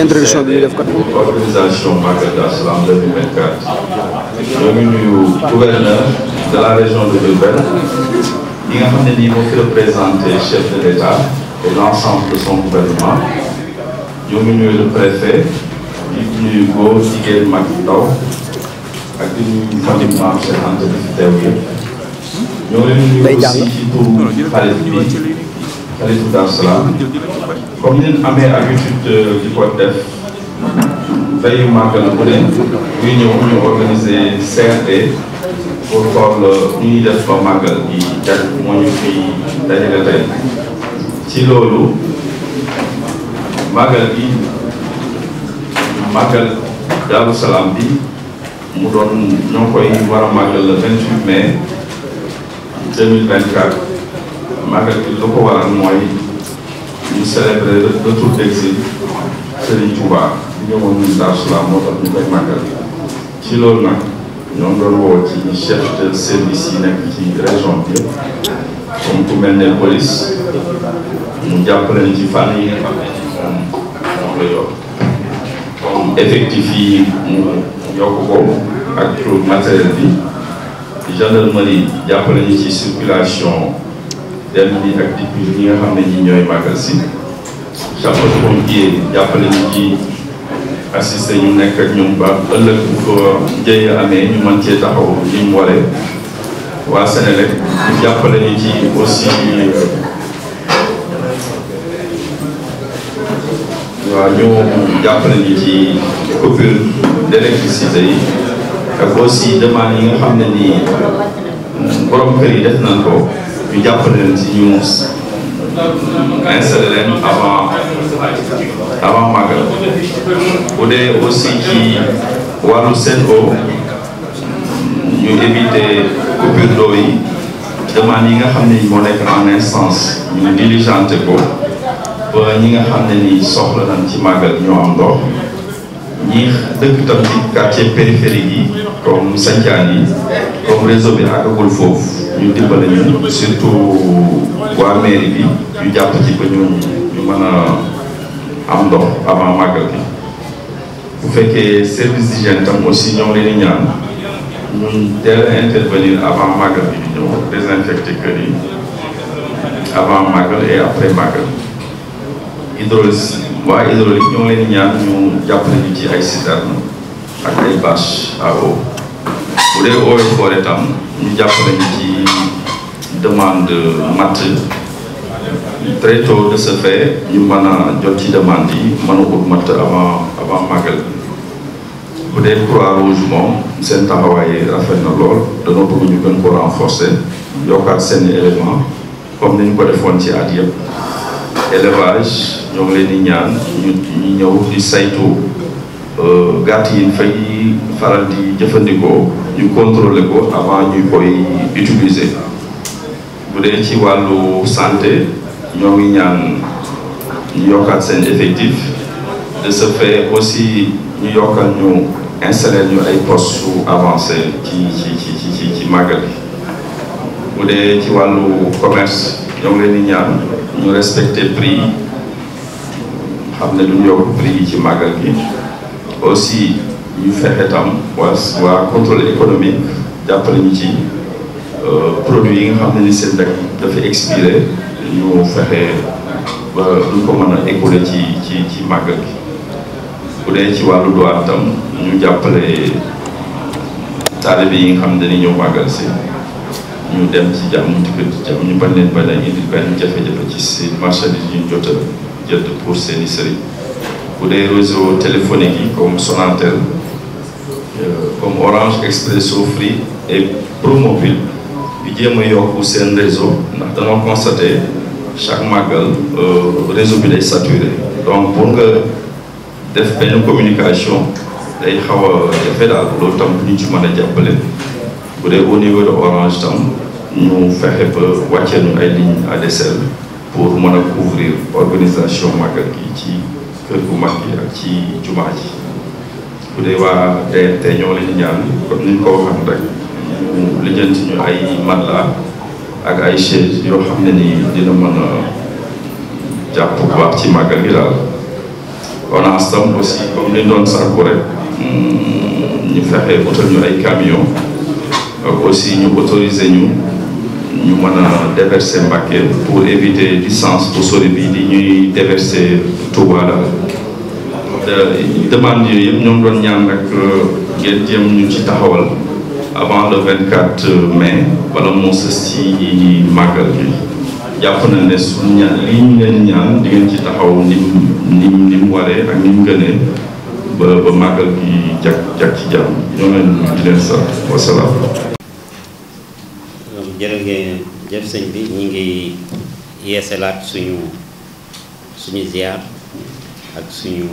introduction bi ñu def kat. organisation Magal Darou Salam 2024 ñoo ngi nuyu gouverneur de la région de Diourbel ñi nga xam ne nii moo fi représenté chef de l' état et l' ensemble de son gouvernement ñoo ngi nuyu le préfet di nuyu góor jigéen mag ndaw ak di nuyu famille Cheikh Anta bi fi teew yëpp ñoo ngi leen nuyu aussi ci turu xarit bi. aleykum salaam comme ni ñu amee habitude euh, di def veille màggal bu ne ñuy ñëw ñu organiser CRD pour xool euh, ñuy def ba màggal bi jag moo ñu ci loolu màggal bi màggal Daaru Salaam bi mu doon ñoo koy war a màggal le 28 mai 2024 magal gi ko waral mooy ñu célébrer le retour d'exil Serigne Touba bi ñëwoon ñun Darou Salam moo tax ñu koy loolu nag ñoo doon chef de service nekk ci région bi comme ku police mu jàppale ci fànn ne moom moom la yor comme effectif yi mu yokk ko ak matériel bi circulation dem bi ak dikk bi ñi nga xam ne ñi ñooy màggal si sapeurs pompiers jàppale ñu ci assisté ñu nekk ak ñoom ba ëllëg bu amee ñu mën cee taxaw li mu waree waa Sénélec ñu jàppale ñu ci aussi waaw ñu jàppale ñu ci coupure d'électricité yi ak aussi demande nga xam ne nii borom kër def nañ ko ñu jàppale leen ci ñu muus installé leen avant avant dee aussi ci wàllu seen eau ñu éviter coupure d'eau yi demande yi nga xam ne ni moo nekk en instance ñu ko ba ñi nga xam ne ni soxla nañ ci màggal ñoo ndox ñi dëkk tam ci quartier périphérique yi comme Santiaan yi comme réseau bi àggagul foofu ñu dimbale ñu surtout waa mairie bi ñu jàpp ci ba ñu ñu mën a am ndox avant màggal bi bu fekkee service d'hygiène tam aussi ñoo leen di ñaan ñu teel a intervenir avant màggal après màggal hydraulis waa hydraulique ñoo leen di ñaan ñu jàppale ñu ci ay citerne ak ay bâche à eau bu dee eau et forêt tam ñu jàppale ñu ci demande matt très de ce fait ñu mën a jot ci demande yi mën a matt avant avant màggal bu dee Croix-Rouge moom seen taxawaay rafet na lool danoo bëgg ñu gën ko renforcer yokkaat seen élément comme ni ko defoon ci at yëpp élevage ñoo ngi leen di ñaan ñu ñu ñëw di euh, gàtt yi fay faral di jëfandikoo ñu contrôler ko avant ñu koy utiliser. bu dee ci wàllu santé ñoo ngi ñaan ñu yokkaat seen effectif de ce fait aussi ñu yokkal ñu installer ñu ay post su avancé ci ci ci ci ci màggal bu dee ci wàllu commerce ñoo ngi leen ñaan ñu respecter prix yi xam ne duñu yokk prix yi ci màggal gi aussi ñu fexe waa waa contrôle économique jàppale ñu ci. Euh, produit yi nga xam ne ni seen dak dafa expiré ñu fexe ba ko mën a écoulé ci ci ci màggal gi bu dee ci wàllu douane tam ñu jàppale taalibe yi nga xam ne dañuy ñëw màggal si ñu dem ci jàmm ñu dikk ci ñu bañ leen a indi benn jafe-jafe ci seen marchandise yi ñu jot a jënd pour seen i sëriñ bu dee réseau téléphonique yi comme Sonatel euh, comme Orange Expresso Free et Promoville di jéem a yokk seen réseau ndax danoo constaté chaque màggal euh, réseau bi day saturé donc pour nga def benn communication day xaw a jafe daal loolu tam ñu ci mën a jàppale bu dee au Orange tam ñu fexe ba wàccee ñu ay lignes à desselle pour mën a couvrir organisation màggal gi ci kër gu mag gi ak ci jumaa ji bu dee waa DRT ñoo leen ñaan comme ñu ko waxoon rek. lijjanti ñu ay matelas ak ay chaise yoo xam ne nii dina mën a jàpp bu baax ci màggal gi daal ONAS tam aussi comme ni doon sàkku rek mm, ñu fexe utal ñu ay camion ak aussi ñu autoriser ñu ñu mën a déverser Mbacké pour éviter distance bu sori bi di ñuy déverser Touba daal demande yooyu yëpp ñoom doon ñaan rek euh, ngeen jéem ñu ci taxawal avant le 24 mai wala moo sës ci màggal bi jàpp na ne suñu li ñu leen ñaan di ngeen ci taxaw ni nim ni mu waree ak ni mu gënee ba màggal bi jag jag ci jàmm ñoo leen di leen sant wasalaam. jërë ngeen jëf sëñ bi ñu ngi yeesalaat suñu suñu ziar ak suñu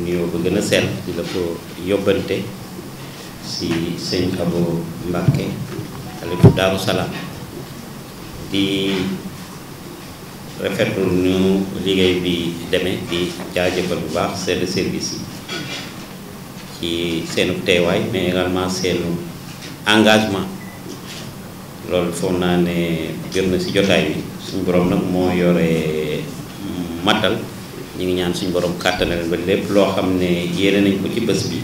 nuyoo ba gën a sell di la ko yóbbante. si sëñ Abo Mbàkke xalifu Daaru Salaam di rafetlu ñu liggéey bi demee di jëppal bu baax seen service yi ci seenu teewaay mais également seenu engagement loolu foog naa ne jot na si jotaay bi suñu borom nag moo yore matal ñu ngi ñaan suñu borom kàttanal ba lépp loo xam ne yéene nañ ko ci bës bi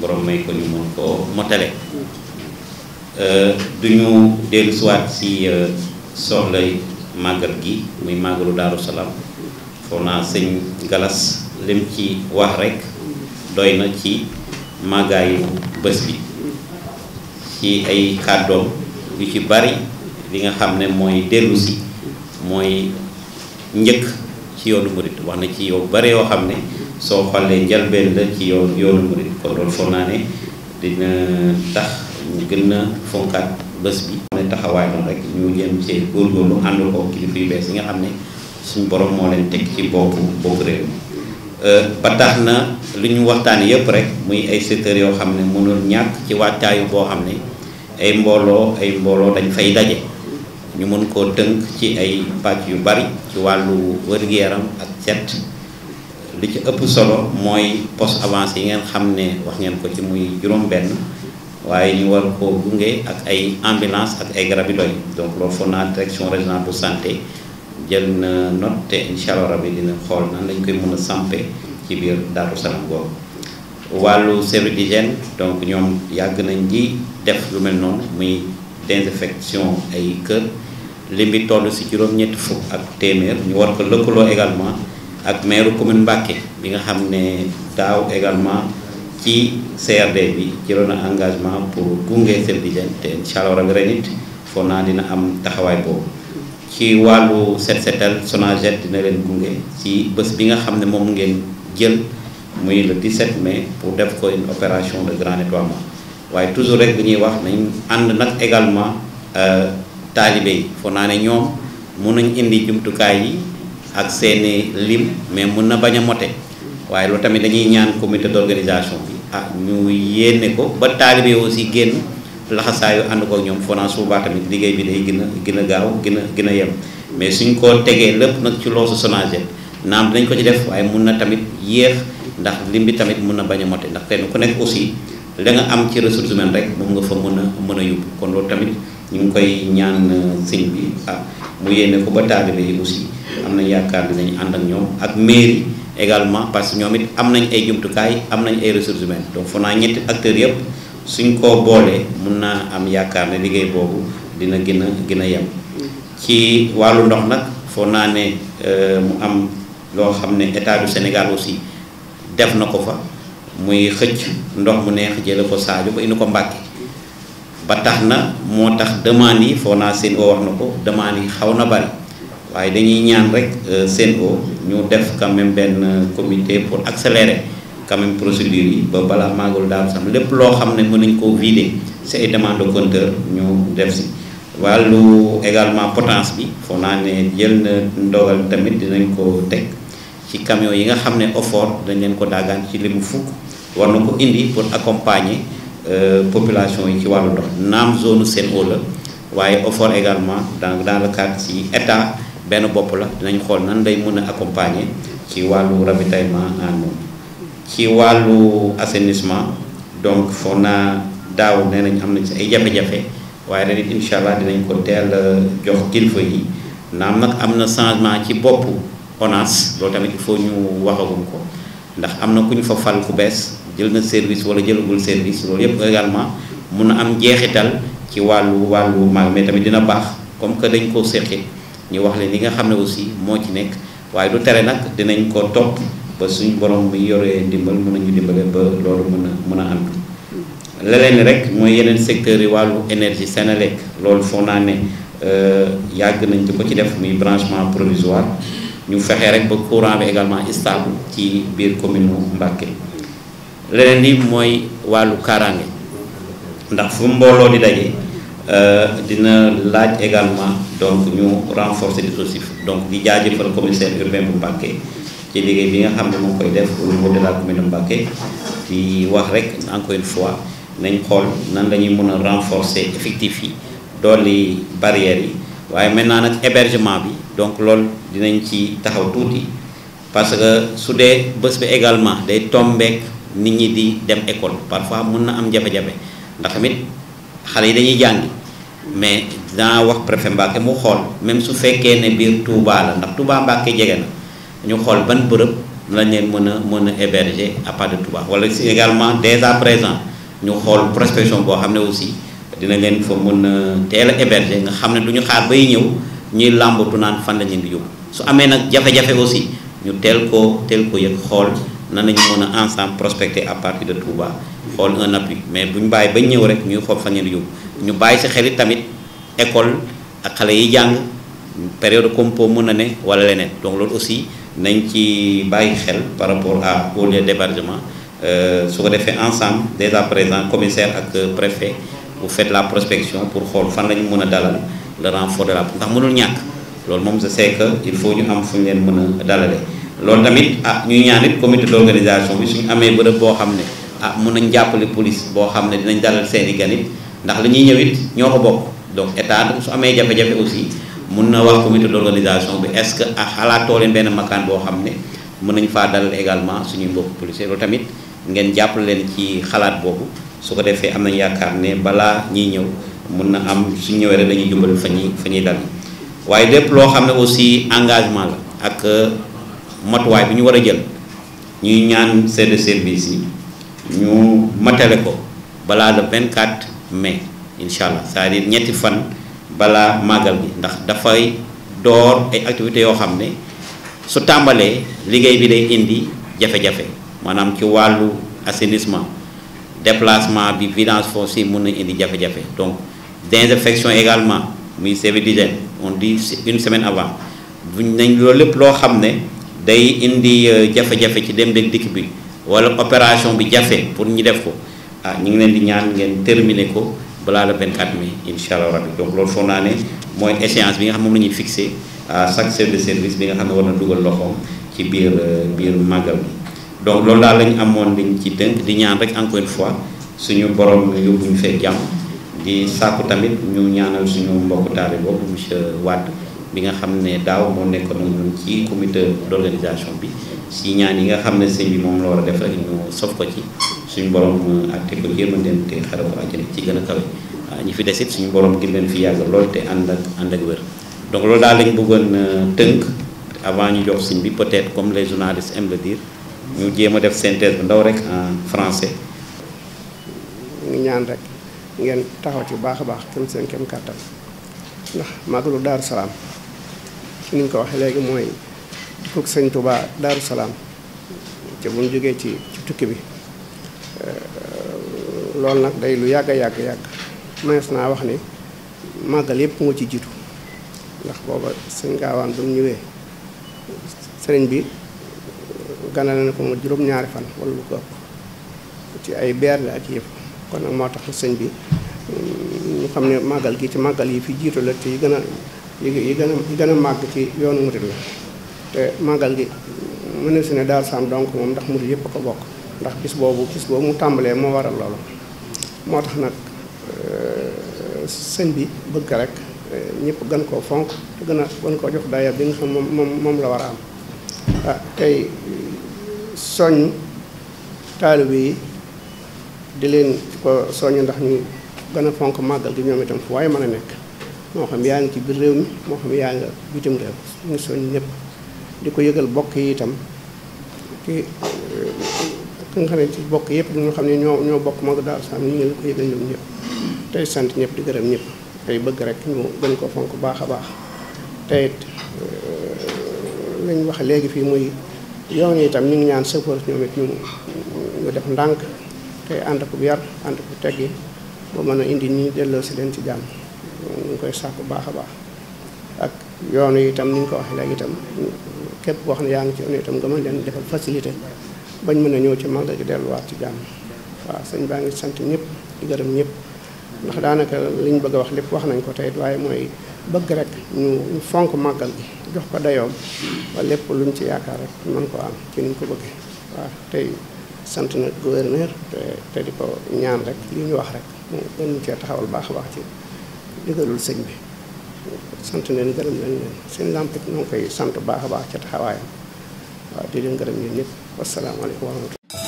boroom borom may ko ñu mën koo motale euh, du ñu dellu siwaat si euh, soxla màggal gi muy màggalu daaru salaam foog naa sëñ galas lim ci wax rekk doy na ci màggaayu bés bi ci ay kàddoom yu ci bari li nga xam ne mooy dellu mooy njëkk ci yoonu murit wax na ci yow bare yoo xam ne soo xoolee njalbeen la ci yoon yoonu murit kon loolu foog naa ne dina tax ñu gën a fonkaat bés bi ne taxawaay noonu rek ñu jëm see góorgóorlu ànd ko kilifa yu bees yi nga xam ne suñu borom moo leen teg ci boobu boppu réew mi euh, ba tax na lu ñu waxtaan yëpp rek muy ay secteurs yoo xam ne mënul ñàkk ci waajtaayu boo xam ne ay mbooloo ay mbooloo dañ fay daje ñu mën koo tënk ci ay pàcc yu bari ci wàllu wér yaram ak set li ci ëpp solo mooy poste avancé yi ngeen xam ne wax ngeen ko ci muy juróom-benn waaye ñu war ko gunge ak ay ambulance ak ay garab donc loolu foog naa direction régionale bu santé jël na note te incha allah rabi dina xool nan lañ koy mën a ci biir Daaru Salaam googu wàllu service d'hygiène donc ñoom yàgg nañ ji def lu mel noonu muy désinfection ay kër lim bi toll si juróom-ñetti fukk ak téeméer ñu war ko lëkkaloo également ak maire commune Mbacké bi nga xam ne daaw également ci CRD bi jëloon na engagement pour gunge seen lijeen te incha allah rabi ren naa dina am taxawaay boobu. ci wàllu set setal Sonaged dina leen gunge ci bés bi nga xam ne moom ngeen jël muy le 17 mai pour def ko une opération de grand nettoiement waaye toujours rek ñuy wax nañ ànd nag également. Euh, taalibe yi foo naa ne ñoom mun nañ indi jumtukaay yi ak seeni lim mais mun na bañ a mote waaye loolu tamit dañuy ñaan comité d'organisation bi ah ñu yéene ko ba taalibe aussi génn laxasaayu ànd ko ñoom Fonas bu baax tamit liggéey bi day gën a gën a gaaw gën a gën a yem mais suñ ko tegee lépp nag ci loosu Sonaged naam dinañ ko ci def waaye mun na tamit yéex ndax lim bi tamit mun na bañ a mote ndax kenn ko nekk aussi la nga am ci ressources moom nga fa mën a mën a yóbbu kon loolu tamit ñu ngi koy ñaan euh, sëñ bi ah mu yéene ko ba taalibe yi aussi am nañ yaakaar ne dañu ànd ak ñoom ak mairie également parce que ñoom it am nañ ay jumtukaay am nañ ay ressources humaines donc foog naa ñetti acteurs yëpp suñ ko boolee mun naa am yaakaar ne liggéey boobu dina gën a gën a yem ci wàllu ndox nag foo naa ne euh, mu am loo xam ne état du Sénégal aussi def na ko fa muy xëcc ndox mu neex jële ko Sadio ba indi ko Mbàkke ba tax na moo tax demande yi foo naa seen oo wax na ko demande yi xaw na bari waaye dañuy ñaan rek euh, seen o ñu def quand même benn euh, comité pour accélérer quand même procédure yi ba balaa maagul daal sax lépp loo xam ne mën nañ koo vider ci ay demande de compteur ñu def si wàllu également potence bi foo naa ne jël na ndogal tamit dinañ ko teg ci camion yi nga xam ne offort dañ leen ko daagaan ci limu fukk war na ko indi pour accompagner Euh, population yi ci wàllu ndox naam zone Sen'Eau la waaye OFOR également dans dans le cadre ci état benn bopp la dinañ xool nan lay mën a accompagner ci wàllu ravitaillement en eau ci wàllu assainissement donc foog naa daaw nee nañ am na si ay jafe-jafe waaye ren it incha dinañ ko teel jox kilifa yi naam nag am na changement ci boppu ONAS loolu tamit il faut ñu waxagum ko ndax am na ku ñu fa fal ku bees. jël na service wala jëlagul service loolu yëpp également mun a am jeexital ci wàllu wàllu mag mais tamit dina baax comme que dañ koo seqi ñu wax leen li nga xam ne aussi moo ci nekk waaye lu tere nag dinañ ko topp ba suñ borom muy yoree dimbal mun nañu dimbale ba loolu mun a mën a am leneen rek mooy yeneen secteurs yi wàllu énergie Senelec loolu foog naa ne euh, yàgg nañ di ko ci def muy branchement provisoire ñu fexe rek ba courant bi également stable ci biir commune Mbacké leneen li mooy wàllu kaaraange ndax fu mbooloo di daje euh, dina laaj également donc ñu renforcer dispositif donc di jaajëfal commissaire urbain bu Mbacké ci liggéey bi nga xam ne moo koy def au niveau de la commune de Mbacké di wax rek encore une fois nañ xool nan la ñuy mën a renforcer effectif yi dolli barrières yi waaye maintenant nag hébergement bi donc loolu dinañ ci taxaw tuuti parce que su dee bés bi également day tombeek nit ñi di dem école parfois mun na am jafe-jafe ndax tamit xale yi dañuy jàngi mais dinaa wax préfet Mbacke mu xool même su fekkee ne biir Touba la ndax Touba Mbacke jege na ñu xool ban bërëb lañ leen mën a mën a héberger à part de wala si également dès à présent ñu xool prospection boo xam ne aussi dina leen fa mën a teel a héberger nga xam ne du ñu xaar bay ñëw ñuy làmbatu naan fan la ñu di yóbbu su amee nag jafe-jafe aussi ñu teel koo teel ko yëg xool. nan ñu mën a ensemble prospecter à partir de Touba xool un appui mais bu ñu bàyyi bañ ñëw rek ñuy xool fan yóbbu ñu bàyyi si xel it tamit école ak xale yi jàng période compo mën na ne wala leneen donc loolu aussi nañ ci bàyyi xel par rapport à au lieu d'hébergement euh, su ko defee ensemble dès à présent commissaire ak préfet vous fet la prospection pour xool fan la ñu mën a dalal le renfort de la ndax mënul ñàkk loolu moom je sais que il faut ñu am fu ñu leen mën a dalale loolu tamit ah ñu ñaan it comité d'organisation bi suñu amee bërëb boo xam ne ah mun nañ jàppale police boo xam ne dinañ dalal seeni ganit ndax li ñuy ñëw it ñoo ko bokk donc état su amee jafe-jafe aussi mun na wax comité d'organisation bi est-ce que ah xalaatoo leen benn makaan boo xam ne mën nañ faa dalal également suñuy mbokk policier loolu tamit ngeen jàppale leen ci xalaat boobu su ko defee am nañ yaakaar ne balaa ñuy ñëw mun na am suñ ñëwee rek dañuy jumbal fa ñuy fa ñuy dal waaye lépp engagement ak matuwaay bi ñu war a jël ñuy ñaan seen service yi ñu matale ko balaa le 24 mai incha allah cest à ñetti fan balaa màggal bi ndax dafay door ay activités yoo xam ne su tàmbalee liggéey bi day indi jafe-jafe maanaam ci wàllu assainissement déplacement bi vidange foncier mun na indi jafe-jafe donc désinfection également muy service d'hygiène on dit une semaine avant buñ nañ loolu lépp loo xam ne day indi euh, jafe-jafe ci dem dég dikk bi wala opération bi jafe pour ñu def ko ah ñu ngi leen di ñaan ngeen terminer ko balaa le 24 mai incha allah rabbi donc loolu foog naa ne mooy échéance bi nga xam moom la ñuy fixé à chaque chef de service bi nga xam ne war na dugal loxoom ci biir euh, biir màggal donc loolu daal lañu amoon liñ ci tënk di ñaan rek encore fois suñu borom yóbbu ñu fekk jàmm di sàkku tamit ñu ñaanal suñu mbokk taale boobu monsieur wadd bi nga xam ne daaw moo nekkoon ak ñun ci comité d'organisation bi si ñaan yi nga xam ne sëñ bi moom la war a def rek ñu sof ko ci suñu borom àtte ko yërmandeem te xare ko ci gën a kawe ñi fi des it suñu borom gën leen fi yàgg lool te ànd ak ànd ak wér donc loolu daal lañ bëggoon euh, tënk avant ñu jox sëñ bi peut comme les journalistes aiment le dire ñu jéem a def synthèse bu ndaw rek en français. ñaan rek ngeen taxaw ci bu baax a baax kem seen kem kàttan ndax ci ni ko waxee léegi mooy tukki sëñ Touba Daaru Salaam te bu ñu jógee ci ci tukki bi euh, loolu nag day lu yàgg a yàgg yàgg mënees naa wax ni màggal yëpp moo ci jiitu ndax booba sëñ gaawaan ba ñëwee sëriñ bi euh, ganale na ko mu juróom-ñaari fan wala lu ko ci ay beer la ak yëpp kon nag moo tax sëñ bi euh, ñu xam ne màggal gi ci màggal yi fi jiitu la te yi gën yi yi gën a yi màgg ci yoonu murit la te màggal gi mën na si ne daal Salaam donc moom ndax murit yëpp ko bokk ndax bis boobu bis boobu mu tàmbalee moo waral loolu moo tax nag euh, sën bi bëgg rek euh, ñépp gën koo fonk te gën a gën koo jox daya bi nga xam moom moom la war a am ah tey soññ taalibe yi di leen ko soññ ndax ñu gën a fonk màggal gi ñoom itam fu waaye mën a nekk moo xam yaa ngi ci biir réew mi moo xam yaa nga bitim réew ñu ngi soññ ñëpp di ko yëgal bokk yi itam ki ki xam ne ci bokk yëpp ñu xam ne ñoo ñoo bokk mag daal sam ñu ngi leen ko yëgal ñoom ñëpp tey sant ñëpp di gërëm ñëpp ay bëgg rek ñu gën ko fonk baax a baax tey it euh, lañ wax léegi fii muy yoon itam ñu ngi ñaan sëfoor ñoom it ñu def ndànk tey ànd ak bu yar ànd ak bu teggi ba mën a indi ñu delloo si leen ci jàmm ñu ngi koy sàkk bu baax a baax ak yoon yi itam ni ñu ko wax léegi itam képp wax xam ne yaa ngi ci yoon itam nga mën leen defal facilité bañ mën a ñëw ci màggal gi delluwaat ci jàmm waaw sëñ baa ngi sant ñëpp di gërëm ñëpp ndax daanaka liñ bëgg a wax lépp wax nañ ko tey waaye mooy bëgg rek ñu fonk màggal gi jox ko dayoom ba lépp luñ ci yaakaar rek mën ko am ci niñ ko bëggee waaw tey sant na gouverneur te te di ko ñaan rek li ñu wax rek mu gën cee taxawal baax a baax ci digalul sëñ bi sant leen gërëm leen leen sëñ làmp koy sant baax a baax ca taxawaayam waaw di leen gërëm yéen ñëpp wasalaamaaleykum wa rahmatulah